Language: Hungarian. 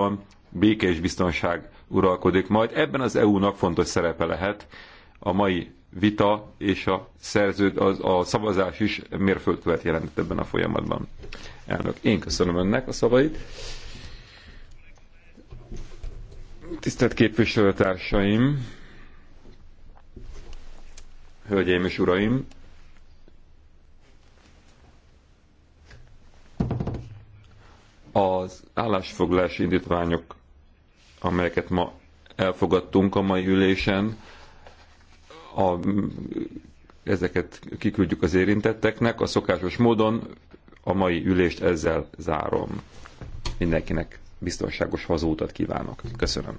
van, béke és biztonság uralkodik majd. Ebben az EU-nak fontos szerepe lehet. A mai vita és a, szerződ, a, a szavazás is mérföldkövet jelentett ebben a folyamatban. Elnök, én köszönöm önnek a szavait. Tisztelt képviselőtársaim, hölgyeim és uraim, Az állásfoglalási indítványok, amelyeket ma elfogadtunk a mai ülésen, a, ezeket kiküldjük az érintetteknek, a szokásos módon a mai ülést ezzel zárom. Mindenkinek biztonságos hazútat kívánok. Köszönöm.